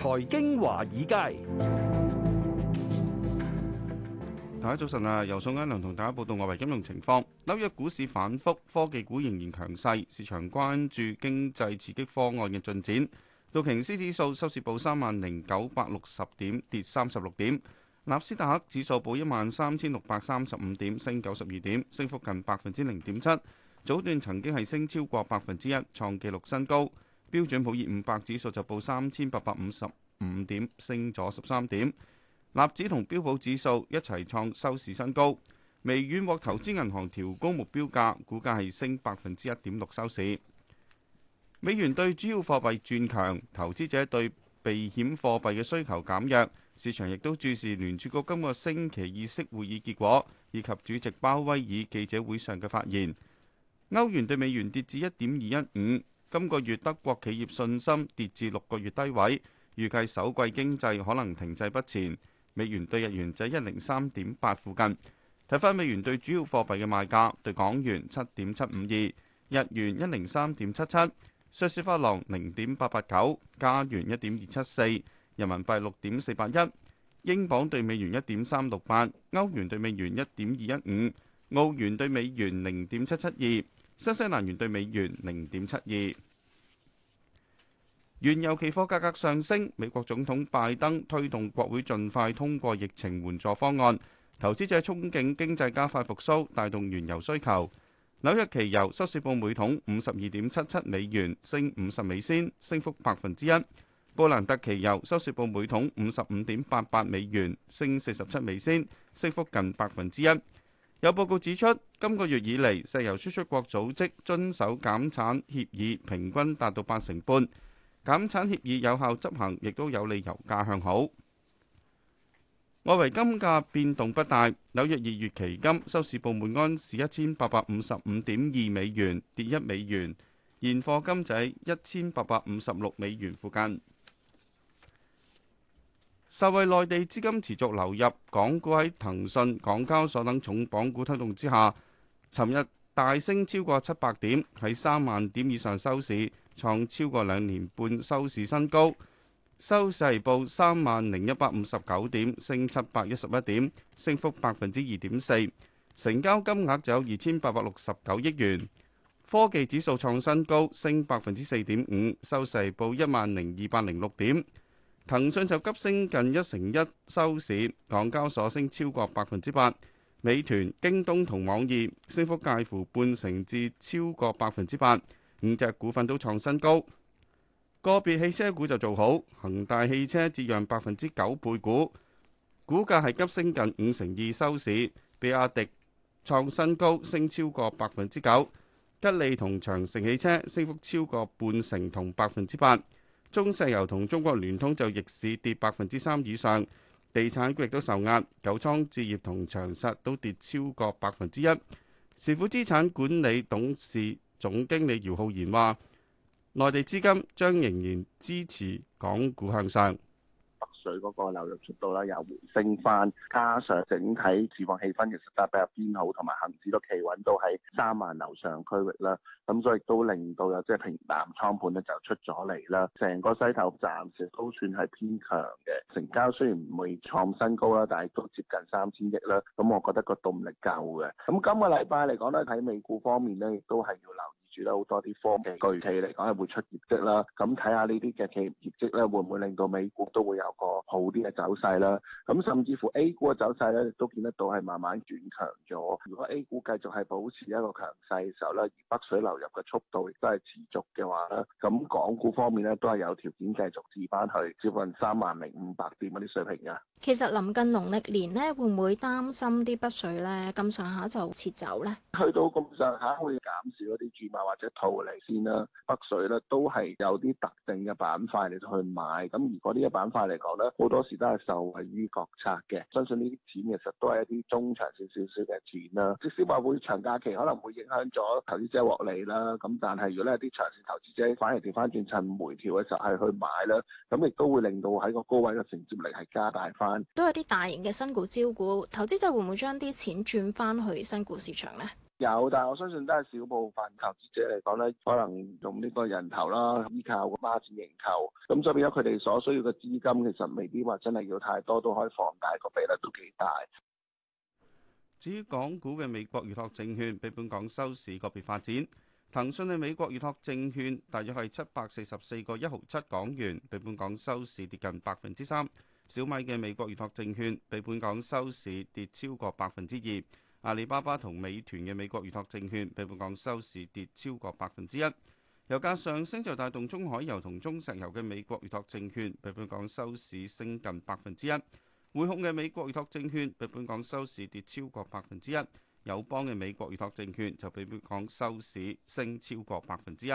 財經華爾街，大家早晨啊！由宋恩良同大家報道外圍金融情況。紐約股市反覆，科技股仍然強勢，市場關注經濟刺激方案嘅進展。道瓊斯指數收市報三萬零九百六十點，跌三十六點。納斯達克指數報一萬三千六百三十五點，升九十二點，升幅近百分之零點七。早段曾經係升超過百分之一，創紀錄新高。標準普爾五百指數就報三千八百五十五點，升咗十三點。納指同標普指數一齊創收市新高。微軟獲投資銀行調高目標價，股價係升百分之一點六收市。美元對主要貨幣轉強，投資者對避險貨幣嘅需求減弱。市場亦都注視聯儲局今個星期議息會議結果，以及主席鮑威爾記者會上嘅發言。歐元對美元跌至一點二一五。今個月德國企業信心跌至六個月低位，預計首季經濟可能停滯不前。美元對日元在一零三點八附近。睇翻美元對主要貨幣嘅賣價，對港元七點七五二，日元一零三點七七，瑞士法郎零點八八九，加元一點二七四，人民幣六點四八一，英鎊對美元一點三六八，歐元對美元一點二一五，澳元對美元零點七七二。新西蘭元兌美元零點七二，原油期貨價格上升。美國總統拜登推動國會盡快通過疫情援助方案，投資者憧憬經濟加快復甦，帶動原油需求。紐約期油收市報每桶五十二點七七美元，升五十美仙，升幅百分之一。布蘭特期油收市報每桶五十五點八八美元，升四十七美仙，升幅近百分之一。有報告指出，今個月以嚟，石油輸出國組織遵守減產協議，平均達到八成半。減產協議有效執行，亦都有利油價向好。外圍金價變動不大，紐約二月期金收市報每安士一千八百五十五點二美元，跌一美元；現貨金仔一千八百五十六美元附近。受惠內地資金持續流入，港股喺騰訊、港交所等重磅股推動之下，尋日大升超過七百點，喺三萬點以上收市，創超過兩年半收市新高。收市報三萬零一百五十九點，升七百一十一點，升幅百分之二點四。成交金額就有二千八百六十九億元。科技指數創新高，升百分之四點五，收市報一萬零二百零六點。騰訊就急升近一成一收市，港交所升超過百分之八，美團、京東同網易升幅介乎半成至超過百分之八，五隻股份都創新高。個別汽車股就做好，恒大汽車折讓百分之九配股，股價係急升近五成二收市，比亞迪創新高，升超過百分之九，吉利同長城汽車升幅超過半成同百分之八。中石油同中國聯通就逆市跌百分之三以上，地產股亦都受壓，九倉置業同長實都跌超過百分之一。時富資產管理董事總經理姚浩然話，內地資金將仍然支持港股向上。水嗰個流入速度啦，又回升翻，加上整體市況氣氛其實都比較偏好，同埋恒指都企穩都喺三萬樓上區域啦。咁所以都令到有即係平淡倉盤咧就出咗嚟啦。成個勢頭暫時都算係偏強嘅，成交雖然未創新高啦，但係都接近三千億啦。咁我覺得個動力夠嘅。咁今個禮拜嚟講咧，睇美股方面咧，亦都係要留意。住得好多啲科技巨企嚟講，係會出業績啦。咁睇下呢啲嘅企業業績咧，會唔會令到美股都會有個好啲嘅走勢咧？咁甚至乎 A 股嘅走勢咧，都見得到係慢慢轉強咗。如果 A 股繼續係保持一個強勢嘅時候咧，而北水流入嘅速度亦都係持續嘅話咧，咁港股方面咧都係有條件繼續止返去接近三萬零五百點嗰啲水平嘅。其實臨近農曆年咧，會唔會擔心啲北水咧咁上下就撤走咧？去到咁上下會減少一啲注或者套嚟先啦，北水啦，都係有啲特定嘅板塊你去買，咁如果呢個板塊嚟講咧，好多時都係受惠於國策嘅，相信呢啲錢其實都係一啲中長線少少嘅錢啦。即使話會長假期可能會影響咗投資者獲利啦，咁但係如果呢啲長線投資者反而調翻轉趁回調嘅時候係去買啦，咁亦都會令到喺個高位嘅承接力係加大翻。都有啲大型嘅新股招股，投資者會唔會將啲錢轉翻去新股市場咧？有，但係我相信都係少部分投資者嚟講咧，可能用呢個人頭啦，依靠個孖展認購，咁所以變咗佢哋所需要嘅資金，其實未必話真係要太多，都可以放大個比率都幾大。至於港股嘅美國預託證券，比本港收市個別發展。騰訊嘅美國預託證券大約係七百四十四個一毫七港元，比本港收市跌近百分之三。小米嘅美國預託證券比本港收市跌超過百分之二。阿里巴巴同美團嘅美國預託證券比本港收市跌超過百分之一，油價上升就帶動中海油同中石油嘅美國預託證券比本港收市升近百分之一，匯控嘅美國預託證券比本港收市跌超過百分之一，友邦嘅美國預託證券就比本港收市升超過百分之一。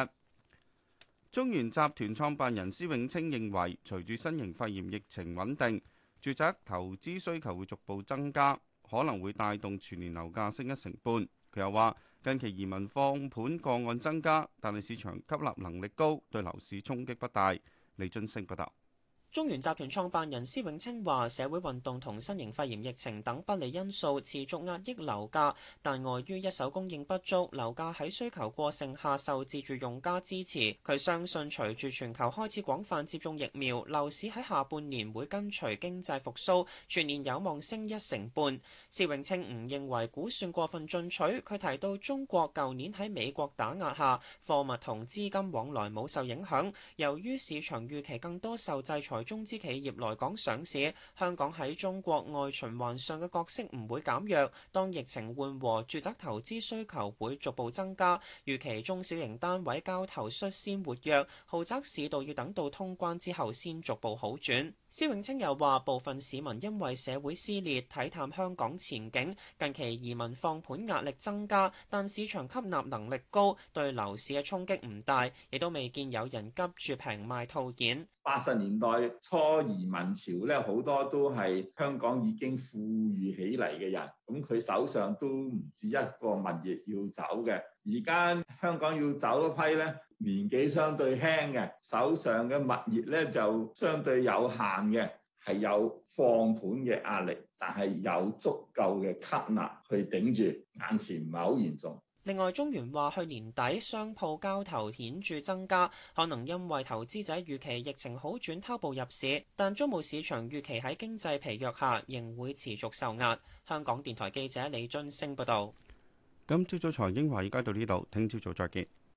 中原集團創辦人施永青認為，隨住新型肺炎疫情穩定，住宅投資需求會逐步增加。可能會帶動全年樓價升一成半。佢又話：近期移民放盤個案增加，但係市場吸納能力高，對樓市衝擊不大。李俊升報道。中原集團創辦人施永青話：社會運動同新型肺炎疫情等不利因素持續壓抑樓價，但礙於一手供應不足，樓價喺需求過剩下受自住用家支持。佢相信隨住全球開始廣泛接種疫苗，樓市喺下半年會跟隨經濟復甦，全年有望升一成半。施永青唔認為估算過分進取。佢提到中國舊年喺美國打壓下，貨物同資金往來冇受影響。由於市場預期更多受制裁，中資企業來港上市，香港喺中國外循環上嘅角色唔會減弱。當疫情緩和，住宅投資需求會逐步增加。預期中小型單位交投率先活躍，豪宅市道要等到通關之後先逐步好轉。施永青又話：部分市民因為社會撕裂，睇淡香港前景。近期移民放盤壓力增加，但市場吸納能力高，對樓市嘅衝擊唔大，亦都未見有人急住平賣套現。八十年代初移民潮咧，好多都係香港已經富裕起嚟嘅人，咁佢手上都唔止一個物業要走嘅。而家香港要走一批咧，年紀相對輕嘅，手上嘅物業咧就相對有限嘅，係有放盤嘅壓力，但係有足夠嘅吸納去頂住，眼前唔係好嚴重。另外，中原話去年底商鋪交投顯著增加，可能因為投資者預期疫情好轉，偷步入市。但租務市場預期喺經濟疲弱下，仍會持續受壓。香港電台記者李津升報道：「今朝早財經華爾街到呢度，聽朝早再見。